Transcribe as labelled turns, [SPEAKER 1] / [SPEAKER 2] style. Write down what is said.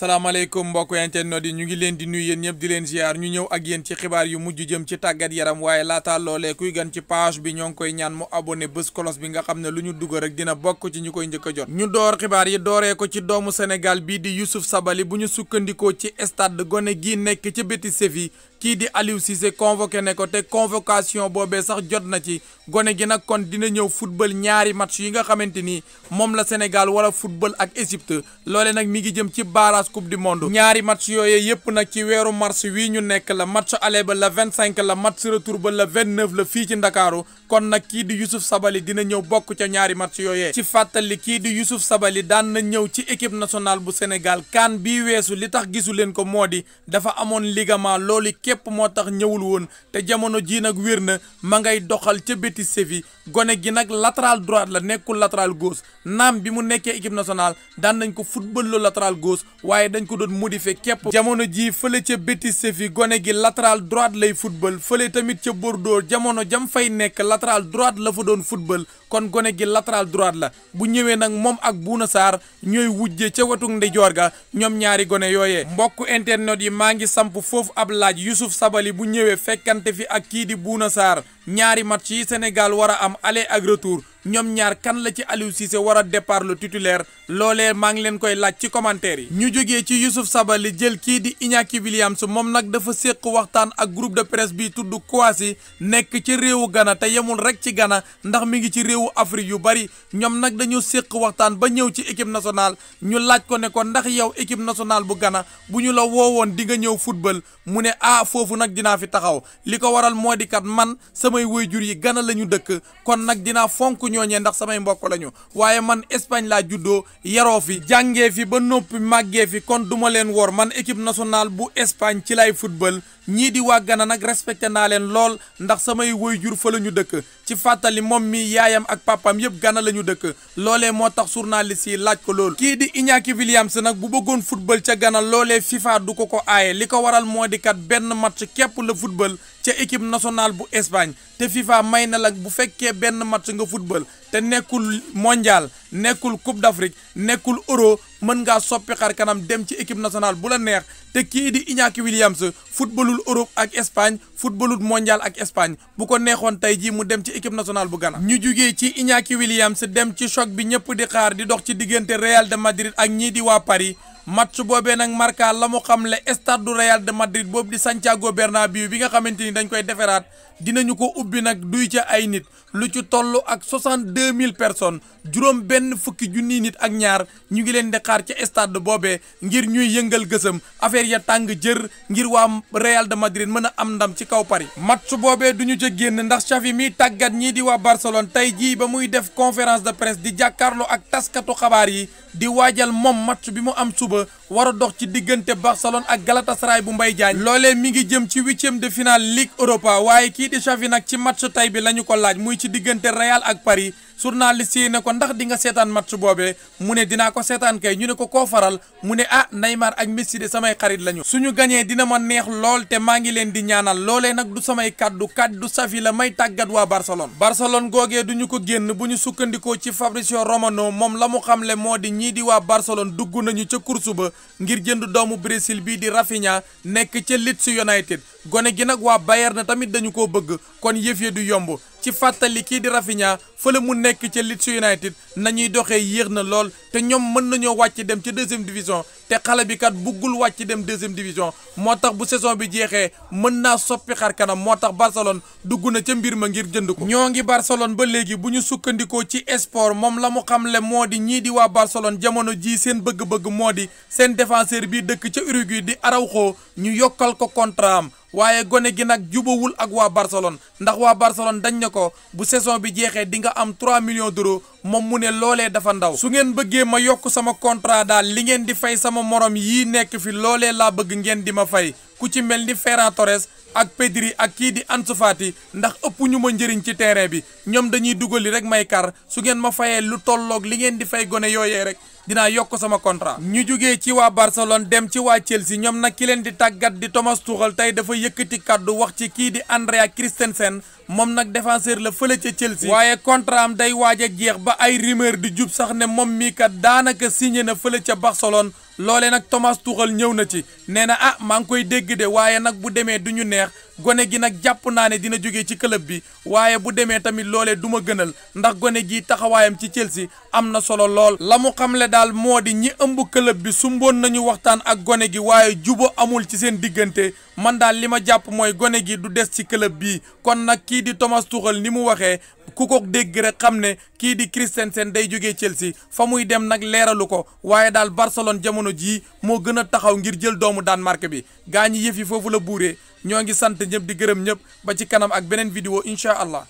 [SPEAKER 1] salaamaaleykum mbokk internet yi ñu ngi leen di nuyu yéen ñëpp di leen ziar ñu ñëw ak yéen ci xibaar yu mujj jëm ci tàggat yaram waaye laata loolee kuy gan ci page bi ñoo ngi koy ñaan mu abonné bés kolos bi nga xam ne lu ñu dugg rek dina bokk ci ñu koy njëkk a jot ñu door xibaar yi dooree ko ci doomu Sénégal bii di Youssouf sabali bu ñu sukkandikoo ci stade gone gii nekk ci Betis Séville kii di Aliou Cissé convoqué ne ko te convocation boobee sax jot na ci gone gi nag kon dina ñëw football ñaari match yi nga xamante ni moom la Sénégal wala football ak Égypte loole nag mi ngi jëm ci barrage coupe du monde ñaari match yooyee yépp nag ci weeru mars wi ñu nekk la match aller ba la cinq la match retour ba la 29 la fii ci Ndakaaru kon nag kii di Youssouf Sabali dina ñëw bokk ca ñaari match yooyee ci fàttali kii di Youssouf Sabali daan na ñëw ci équipe nationale bu Sénégal kan bii weesu li tax gisu leen ko moo di képp moo tax ñëwul woon te jamono jii nag wér na ma ngay doxal ca Betis Séville gone gi nag latral droit la nekkul latral gauche naam bi mu nekkee équipe nationale daan nañ ko football lo latral gos waaye dañ ko doon modifier képp. jamono jii fële ca Betis Séville gone gi latral droite lay football fële tamit ca Bordeaux jamono jam fay nekk latral droite la fa doon football. kon gone gi latéral droite la bu ñëwee nag moom ak Bouna Sarr ñooy wujje ca wetu ndeyjoor ga ñoom ñaari gone yooyee mbokk internet yi maa ngi samp foofu ab laaj Youssouf sabali bu ñëwee fekkante fi ak kii di Bouna Sarr ñaari mat ci Sénégal war a am aller ak ñoom ñaar kan la ci Aliou Cissé war a départ le titulaire loolee maa ngi leen koy laaj ci commentaire yi ñu jógee ci Youssouf Sabaly jël kii di Iñaki Williams moom nag dafa séq waxtaan ak groupe de presse bi tudd Kouassi nekk ci réewu gana te yemul rek ci gana ndax mi ngi ci réewu Afrique yu bari ñoom nag dañu séq waxtaan ba ñëw ci équipe national ñu laaj ko ne ko ndax yow équipe national bu gana bu ñu la woowoon di nga ñëw football mu ne ah foofu nag dinaa fi taxaw li ko waral moo di kat man samay waajur yi gana la ñu dëkk kon nag dinaa fonk ñooñee ndax samay mbokk la ñu waaye man Espagne laa yaroo fi jàngee fi ba noppi màggee fi kon duma leen wor man équipe nationale bu Espagne ci lay football ñii di waa Gana nag respecté naa leen lool ndax samay woy jur fa la ñu dëkk ci fàttali moom mi yaayam ak pàppam yëpp Gana la ñu dëkk loolee moo tax journaliste yi laaj ko loolu kii di Iñaki Williams nag bu bëggoon football ca Gana loolee FIFA du ko ko aaye li ko waral moo di kat benn match kepp la football ca équipe nationale bu Espagne te FIFA may na la bu fekkee benn match nga football te nekkul mondial nekkul coupe d'Afrique nekkul euro mën ngaa soppi xar kanam dem ci équipe national bu la neex te kii di Iñaki Williams footballul Europe ak Espagne footballul mondial ak Espagne bu ko neexoon tey jii mu dem ci équipe nationale bu Ghana. ñu jugee ci Iñaki Williams dem ci choc bi ñëpp di xaar di dox ci diggante Real de Madrid ak ñii di waa Paris. match boobee nag Marca la mu xam le stade du Real de Madrid boobu di Santiago Bernabéu bi nga xamante ni dañ koy deferaat dinañu ko ubbi nag duy ca ay nit lu ci toll ak soixante-deux mille personnes juróom benn fukki junni nit ak ñaar ñu ngi leen di xaar ca stade boobee ngir ñuy yëngal gësëm affaire ya tàng jër ngir waa Real de Madrid mën a am ndam ci kaw Paris. match boobee du ñu ca génn ndax Xavi mi tàggat ñii di waa Barcelone tey jii ba muy def conférence de presse di jàkkaarloo ak taskatu xabaar yi di waajal moom match bi mu am suuf suba war a dox ci diggante Barcelone ak Galatasaray bu mbay jaay loolee mi ngi jëm ci huitième de finale Ligue Europa waaye kii di Xavi nag ci match tey bi la ñu ko laaj muy ci diggante Real ak Paris journaliste yi ne ko ndax di nga seetaan match boobee mu ne dina ko seetaan kay ñu ne ko koo faral mu ne a ah Neymar ak Messi de samay xarit lañu suñu gañee dina ma neex lool te maa ngi leen di ñaanal loolee nag du samay kàddu kàddu safi la may tàggat waa Barcelone Barcelone googee duñu ko génn bu ñu sukkandikoo ci Fabrizio Romano moom la mu xamle moo di ñii di waa Barcelone dugg nañu ca kursu ba ngir jënd doomu Brésil bii di Rafinha nekk ca Leeds United gone gi nag waa Bayern na tamit dañu koo bëgg kon yëf du yomb nekk ca Leeds United nañuy doxee yéex na lool te ñoom mën nañoo wàcc dem ca deuxième division te xale bi kat buggul wàcc dem deuxième division moo tax bu saison bi jeexee mën naa soppi xar kanam moo tax Barcelone dugg na ca mbir ma ngir jënd ko. ñoo ngi Barcelone ba léegi bu ñu sukkandikoo ci sport moom la mu xam xamle moo di ñii di waa Barcelone jamono jii seen bëgg-bëgg moo di seen défenseur bi dëkk ca Uruguay di Araujo ñu yokkal ko contrat am. waaye gone gi nag jubawul ak waa Barcelone ndax waa Barcelone dañ ne ko bu saison bi jeexee di nga am 3 millions d'euros moom mu ne loolee dafa ndaw su ngeen bëggee ma yokk sama contrat daal li ngeen di fay sama morom yii nekk fi loolee laa bëgg ngeen di ma fay ku ci mel ni Ferran Torres ak Pedri ak kii di Ansu ndax ëpp ñu ma njëriñ ci terrain bi ñoom dañuy dugali rek may kar su ngeen ma fayee lu tolloog li ngeen di fay gone yooyee rek dinaa yokk sama contrat ñu jóge ci waa Barcelone dem ci waa Chelsea ñoom nag ki leen di tàggat di Thomas Tuchel tey dafa yëkkati kàddu wax ci kii di Andrea Christensen moom nag défenseur la fële ca Chelsea waaye contrat am day waaj a jeex ba ay rumeur di jub sax ne moom mii kat daanaka signé na fële ca Barcelone loolee nag Thomas Tuchel ñëw na ci nee na ah maa ngi koy dégg de waaye nag bu demee du ñu neex gone gi nag jàpp naa ne dina jóge ci club bi waaye bu demee tamit loolee duma ma gënal ndax gone gi taxawaayam ci Chelsea am na solo lool la mu xamle daal moo di ñi ëmb club bi sumboon nañu waxtaan ak gone gi waaye jubo amul ci seen diggante man daal li ma jàpp mooy gone gi du des ci club bi kon nag kii di Thomas Tuchel ni mu waxee ku ko dégg rek xam ne kii di Christensen day jógee Chelsea fa muy dem nag leeralu ko waaye daal Barcelone jamono jii moo gën a taxaw ngir jël doomu Danemark bi gaa ñi yëf yi foofu la buuree ñoo ngi sant ñëpp di gërëm ñëpp ba ci kanam ak beneen vidéo incha allah